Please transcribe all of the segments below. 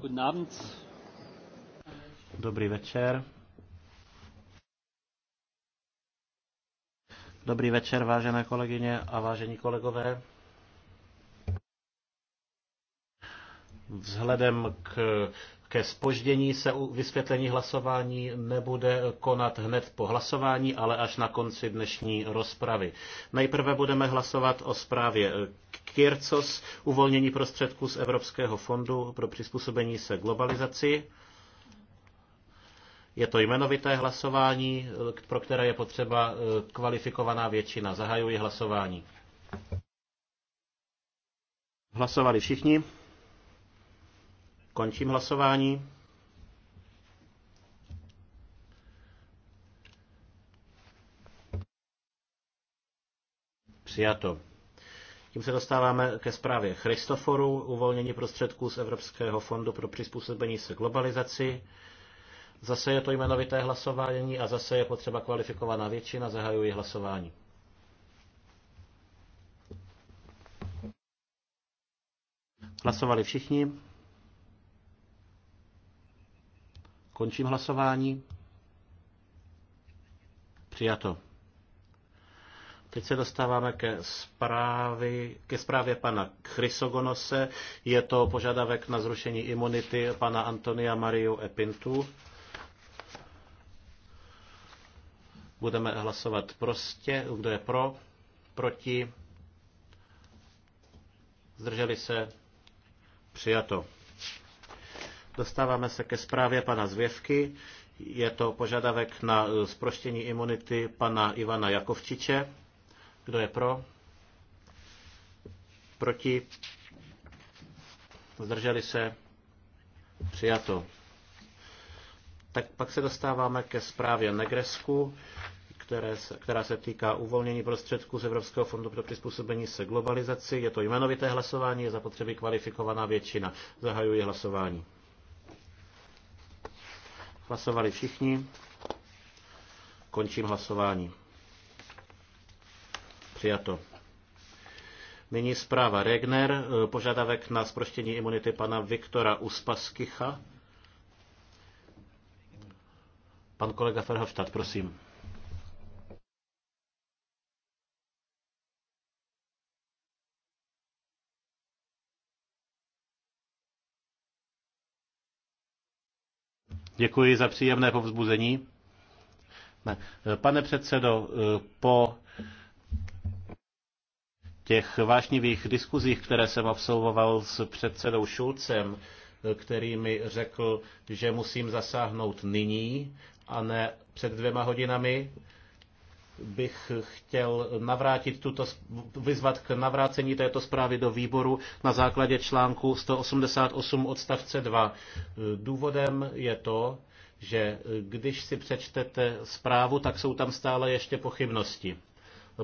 Guten Abend. Dobrý večer. Dobrý večer, vážené kolegyně a vážení kolegové. Vzhledem k, ke spoždění se u vysvětlení hlasování nebude konat hned po hlasování, ale až na konci dnešní rozpravy. Nejprve budeme hlasovat o zprávě Kvěrcos, uvolnění prostředků z Evropského fondu pro přizpůsobení se globalizaci. Je to jmenovité hlasování, pro které je potřeba eh, kvalifikovaná většina. Zahajuji hlasování. Hlasovali všichni. Končím hlasování. Přijato. Tím se dostáváme ke zprávě Christoforu, uvolnění prostředků z Evropského fondu pro přizpůsobení se globalizaci. Zase je to jmenovité hlasování a zase je potřeba kvalifikovaná většina. Zahajuji hlasování. Hlasovali všichni. Končím hlasování. Přijato. Teď se dostáváme ke, zprávy, ke zprávě pana Chrysogonose. Je to požadavek na zrušení imunity pana Antonia Mariu Epintu. Budeme hlasovat prostě. Kdo je pro? Proti? Zdrželi se? Přijato. Dostáváme se ke zprávě pana Zvěvky. Je to požadavek na eh, zproštění imunity pana Ivana Jakovčiče. Kdo je pro? Proti? Zdrželi se? Přijato. Tak pak se dostáváme ke zprávě Negresku, které se, která se týká uvolnění prostředků z Evropského fondu pro přizpůsobení se globalizaci. Je to jmenovité hlasování, je zapotřebí kvalifikovaná většina. Zahajuji hlasování. Hlasovali všichni. Končím hlasování. Přijato. Nyní zpráva Regner, e, požadavek na zproštění imunity pana Viktora Uspaskicha. Pan kolega Ferhofstadt, prosím. Děkuji za příjemné povzbuzení. Ne. E, pane předsedo, e, po těch vášnivých diskuzích, které jsem absolvoval s předsedou Šulcem, který mi řekl, že musím zasáhnout nyní a ne před dvěma hodinami, bych chtěl navrátit tuto, vyzvat k navrácení této zprávy do výboru na základě článku 188 odstavce 2. Důvodem je to, že když si přečtete zprávu, tak jsou tam stále ještě pochybnosti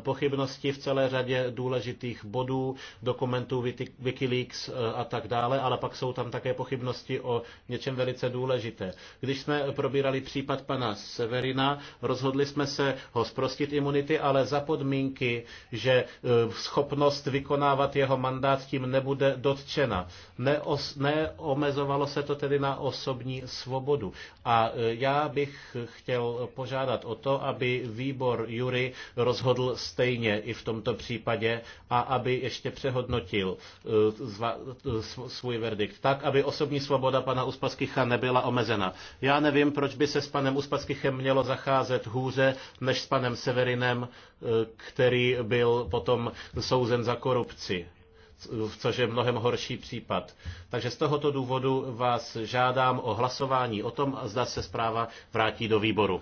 pochybnosti v celé řadě důležitých bodů, dokumentů Wikileaks eh, a tak dále, ale pak jsou tam také pochybnosti o něčem velice důležité. Když jsme probírali případ pana Severina, rozhodli jsme se ho zprostit imunity, ale za podmínky, že eh, schopnost vykonávat jeho mandát tím nebude dotčena. Neos, neomezovalo se to tedy na osobní svobodu. A eh, já bych chtěl požádat o to, aby výbor Jury rozhodl stejně i v tomto případě a aby ještě přehodnotil eh, eh, svůj verdikt tak, aby osobní svoboda pana Uspaskycha nebyla omezena. Já nevím, proč by se s panem Uspaskychem mělo zacházet hůře než s panem Severinem, eh, který byl potom souzen za korupci což je mnohem horší případ. Takže z tohoto důvodu vás žádám o hlasování o tom, zda se zpráva vrátí do výboru.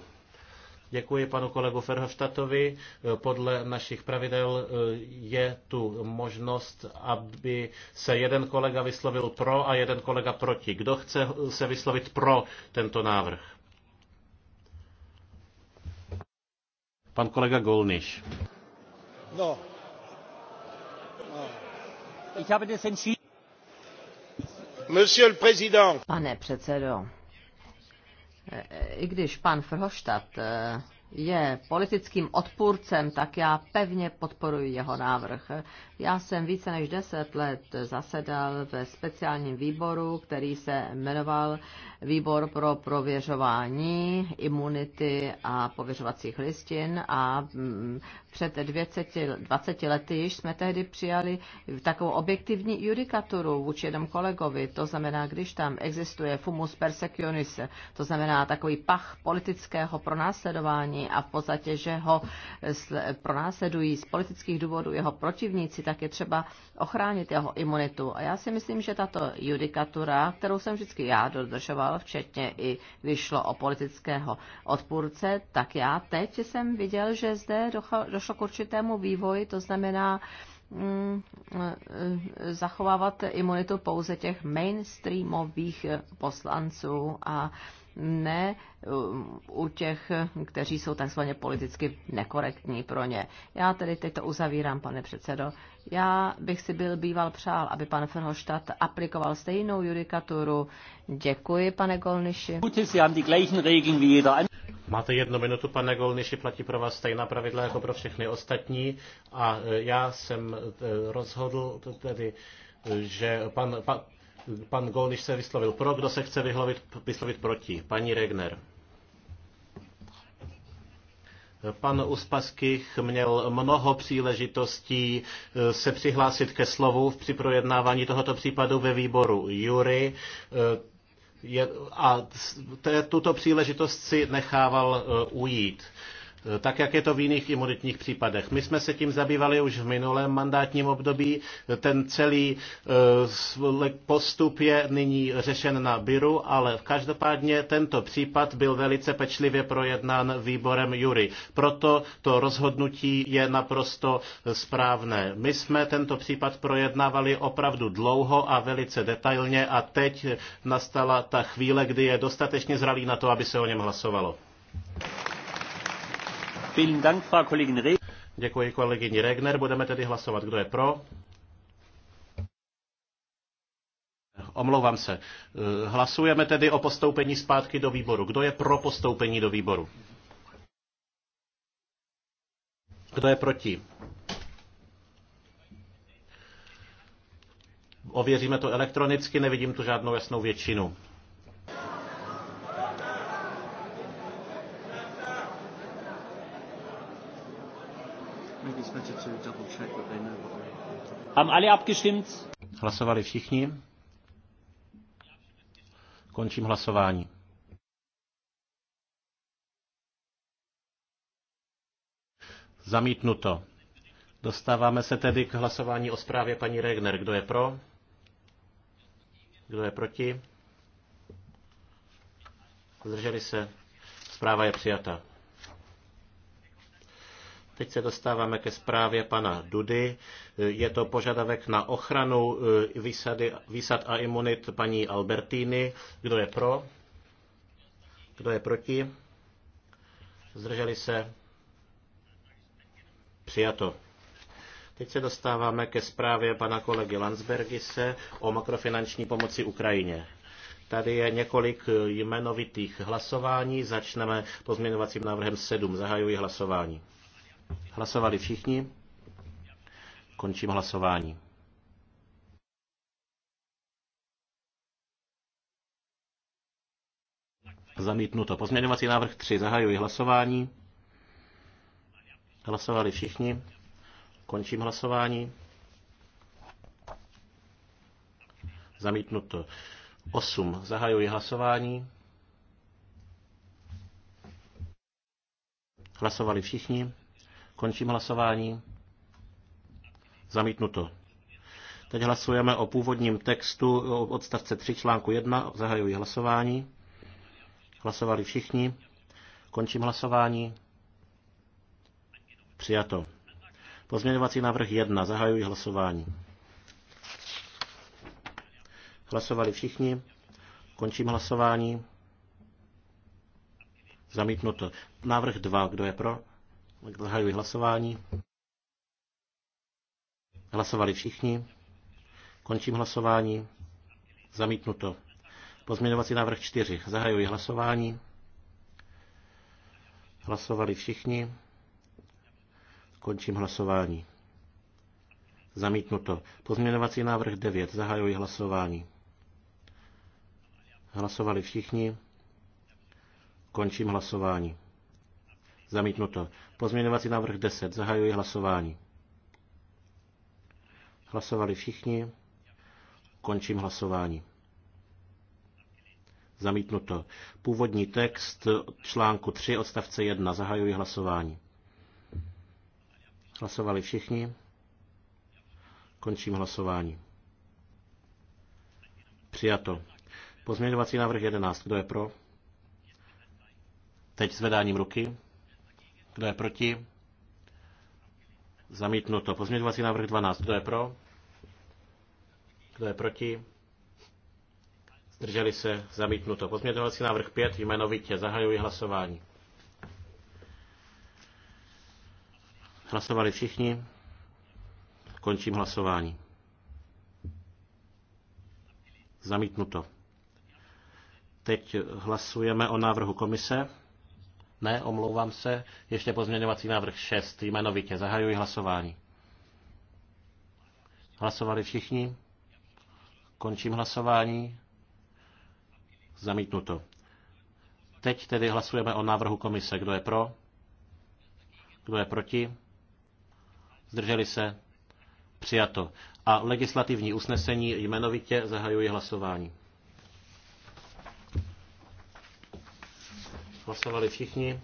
Děkuji panu kolegu Ferhoštatovi. Podle našich pravidel eh, je tu možnost, aby se jeden kolega vyslovil pro a jeden kolega proti. Kdo chce se vyslovit pro tento návrh? Pan kolega Golniš. No. no. Ich habe das entschieden. Pane předsedo, i když pan Frhoštat eh, je politickým odpůrcem, tak já pevně podporuji jeho návrh. Já jsem více než deset let zasedal ve speciálním výboru, který se jmenoval Výbor pro prověřování imunity a pověřovacích listin a mm, před 20, 20 lety již jsme tehdy přijali takovou objektivní judikaturu vůči jednom kolegovi. To znamená, když tam existuje fumus persecutionis, to znamená takový pach politického pronásledování, a v podstatě, že ho pronásledují z politických důvodů jeho protivníci, tak je třeba ochránit jeho imunitu. A já si myslím, že tato judikatura, kterou jsem vždycky já dodržoval, včetně i vyšlo o politického odpůrce, tak já teď jsem viděl, že zde došlo k určitému vývoji, to znamená, mm, e, e, zachovávat imunitu pouze těch mainstreamových poslanců a ne um, u těch, kteří jsou takzvaně politicky nekorektní pro ně. Já tedy teď to uzavírám, pane předsedo. Já bych si byl býval přál, aby pan Verhofstadt aplikoval stejnou judikaturu. Děkuji, pane Golniši. Máte jednu minutu, pane Golniši, platí pro vás stejná pravidla jako pro všechny ostatní. A e, já jsem e, rozhodl tedy, e, že pan, pan Pan Golniš se vyslovil pro, kdo se chce vyhlovit, vyslovit proti? Paní Regner. Pan Uspaskich měl mnoho příležitostí eh, se přihlásit ke slovu při projednávání tohoto případu ve výboru Jury. Eh, a tuto příležitost si nechával eh, ujít. Eh, tak jak je to v jiných imunitních případech. My jsme se tím zabývali už v minulém mandátním období. Eh, ten celý eh, postup je nyní řešen na Biru, ale každopádně tento případ byl velice pečlivě projednán výborem Jury. Proto to rozhodnutí je naprosto správné. My jsme tento případ projednávali opravdu dlouho a velice detailně a teď nastala ta chvíle, kdy je dostatečně zralý na to, aby se o něm hlasovalo. Děkuji kolegyni Regner. Budeme tedy hlasovat. Kdo je pro? Omlouvám se. Eh, hlasujeme tedy o postoupení zpátky do výboru. Kdo je pro postoupení do výboru? Kdo je proti? Ověříme to elektronicky, nevidím tu žádnou jasnou většinu. Haben alle abgestimmt? Hlasovali všichni. Končím hlasování. Zamítnuto. Dostáváme se tedy k hlasování o zprávě paní Regner. Kdo je pro? Kdo je proti? Zdrželi se? Zpráva je přijata. Teď se dostáváme ke zprávě pana Dudy. Je to požadavek na ochranu eh, výsady, výsad a imunit paní Albertíny. Kdo je pro? Kdo je proti? Zdrželi se? Přijato. Teď se dostáváme ke zprávě pana kolegy Landsbergise o makrofinanční pomoci Ukrajině. Tady je několik eh, jmenovitých hlasování. Začneme pozměňovacím návrhem 7. Zahajuji hlasování. Hlasovali všichni? Končím hlasování. Zamítnuto. Pozměňovací návrh 3. Zahajuji hlasování. Hlasovali všichni. Končím hlasování. Zamítnuto. 8. Zahajuji hlasování. Hlasovali všichni. Končím hlasování. Zamítnuto. Teď hlasujeme o původním textu odstavce 3 článku 1. Zahajuji hlasování. Hlasovali všichni. Končím hlasování. Přijato. Pozměňovací návrh 1. Zahajuji hlasování. Hlasovali všichni. Končím hlasování. Zamítnuto. Návrh 2. Kdo je pro? Zahajuji hlasování. Hlasovali všichni. Končím hlasování. Zamítnuto. Pozměňovací návrh 4. Zahajuji hlasování. Hlasovali všichni. Končím hlasování. Zamítnuto. Pozměňovací návrh 9. Zahajuji hlasování. Hlasovali všichni. Končím hlasování. Zamítnuto. Pozměňovací návrh 10. Zahajuji hlasování. Hlasovali všichni. Končím hlasování. Zamítnuto. Původní text článku 3 odstavce 1. Zahajuji hlasování. Hlasovali všichni. Končím hlasování. Přijato. Pozměňovací návrh 11. Kdo je pro? Teď zvedáním ruky. Kdo je proti? Zamítnuto. Pozměňovací návrh 12. Kdo je pro? Kdo je proti? Zdrželi se? Zamítnuto. Pozměňovací návrh 5. Jmenovitě. Zahajuji hlasování. Hlasovali všichni? Končím hlasování. Zamítnuto. Teď hlasujeme o návrhu komise. Ne, omlouvám se. Ještě pozměňovací návrh 6. Jmenovitě. Zahajuji hlasování. Hlasovali všichni? Končím hlasování. Zamítnuto. Teď tedy hlasujeme o návrhu komise. Kdo je pro? Kdo je proti? Zdrželi se? Přijato. A legislativní usnesení jmenovitě zahajuji hlasování. Hlasovali všichni.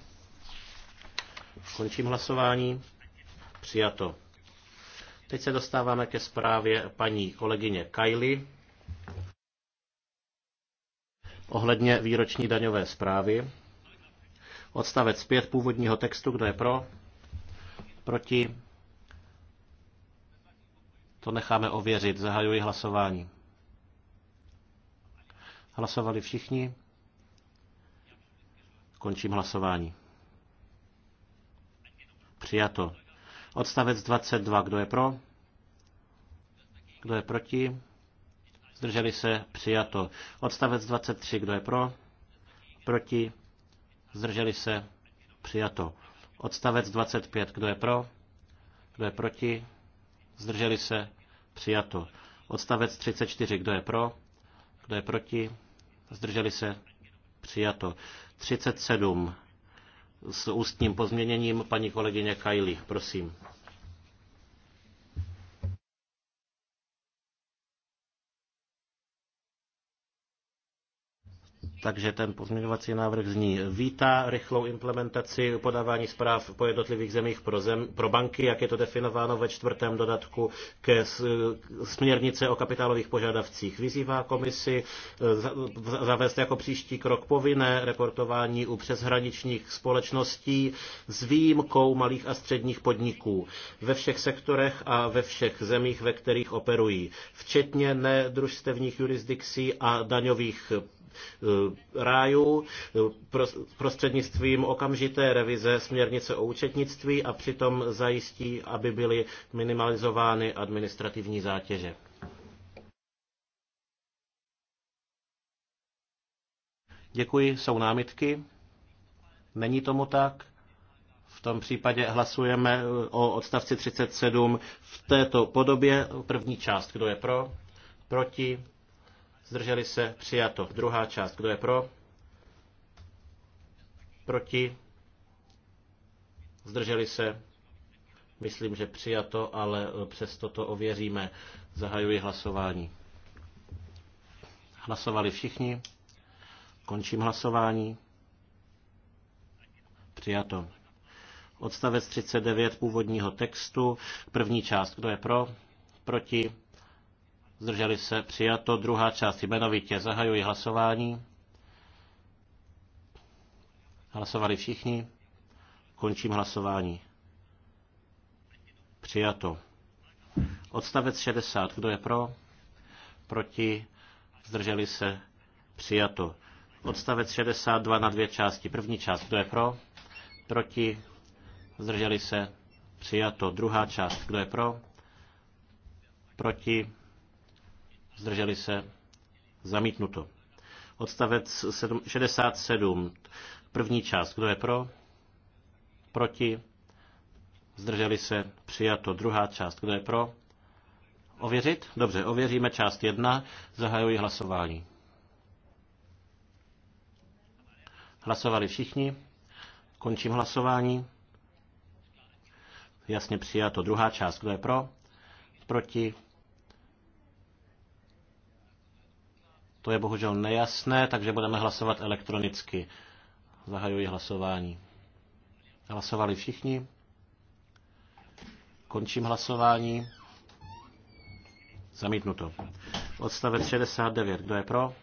Končím hlasování. Přijato. Teď se dostáváme ke zprávě paní kolegyně Kajly ohledně výroční daňové zprávy. Odstavec 5 původního textu, kdo je pro, proti, to necháme ověřit. Zahajuji hlasování. Hlasovali všichni. Končím hlasování. Přijato. Odstavec 22. Kdo je pro? Kdo je proti? Zdrželi se? Přijato. Odstavec 23. Kdo je pro? Proti? Zdrželi se? Přijato. Odstavec 25. Kdo je pro? Kdo je proti? Zdrželi se? Přijato. Odstavec 34. Kdo je pro? Kdo je proti? Zdrželi se? Přijato. 37 s ústním pozměněním paní kolegyně Kajli, prosím. Takže ten pozměňovací návrh zní, vítá rychlou implementaci podávání zpráv po jednotlivých zemích pro, zem, pro banky, jak je to definováno ve čtvrtém dodatku ke směrnice o kapitálových požadavcích. Vyzývá komisi e, zavést jako příští krok povinné reportování u přeshraničních společností s výjimkou malých a středních podniků ve všech sektorech a ve všech zemích, ve kterých operují, včetně nedružstevních jurisdikcí a daňových Eh, rájů eh, prostřednictvím okamžité revize směrnice o účetnictví a přitom zajistí, aby byly minimalizovány administrativní zátěže. Děkuji. Jsou námitky? Není tomu tak? V tom případě hlasujeme eh, o odstavci 37 v této podobě. První část, kdo je pro, proti, Zdrželi se? Přijato. Druhá část. Kdo je pro? Proti? Zdrželi se? Myslím, že přijato, ale e, přesto to ověříme. Zahajuji hlasování. Hlasovali všichni. Končím hlasování. Přijato. Odstavec 39 původního textu. První část. Kdo je pro? Proti? Zdrželi se přijato. Druhá část jmenovitě. Zahajuji hlasování. Hlasovali všichni. Končím hlasování. Přijato. Odstavec 60. Kdo je pro? Proti? Zdrželi se? Přijato. Odstavec 62 na dvě části. První část. Kdo je pro? Proti? Zdrželi se? Přijato. Druhá část. Kdo je pro? Proti? zdrželi se, zamítnuto. Odstavec 67, první část, kdo je pro, proti, zdrželi se, přijato. Druhá část, kdo je pro, ověřit? Dobře, ověříme část 1, zahajuji hlasování. Hlasovali všichni, končím hlasování. Jasně přijato. Druhá část, kdo je pro? Proti? To je bohužel nejasné, takže budeme hlasovat elektronicky. Zahajuji hlasování. Hlasovali všichni? Končím hlasování. Zamítnuto. Odstavec 69. Kdo je pro?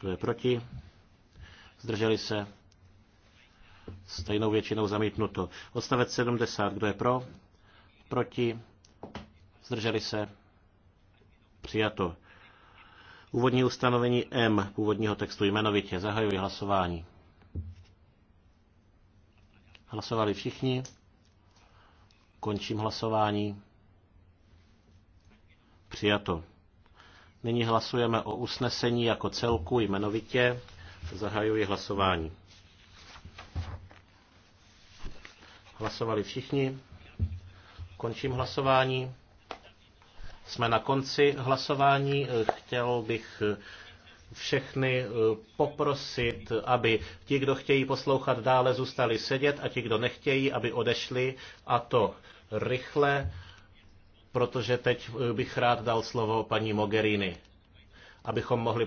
Kdo je proti? Zdrželi se? Stejnou většinou zamítnuto. Odstavec 70. Kdo je pro? Proti? Zdrželi se? Přijato. Úvodní ustanovení M původního textu jmenovitě. Zahajuji hlasování. Hlasovali všichni. Končím hlasování. Přijato. Nyní hlasujeme o usnesení jako celku jmenovitě. Zahajuji hlasování. Hlasovali všichni. Končím hlasování. Jsme na konci hlasování. Chtěl bych všechny eh, poprosit, aby ti, kdo chtějí poslouchat dále, zůstali sedět a ti, kdo nechtějí, aby odešli a to rychle, protože teď eh, bych rád dal slovo paní Mogherini, abychom mohli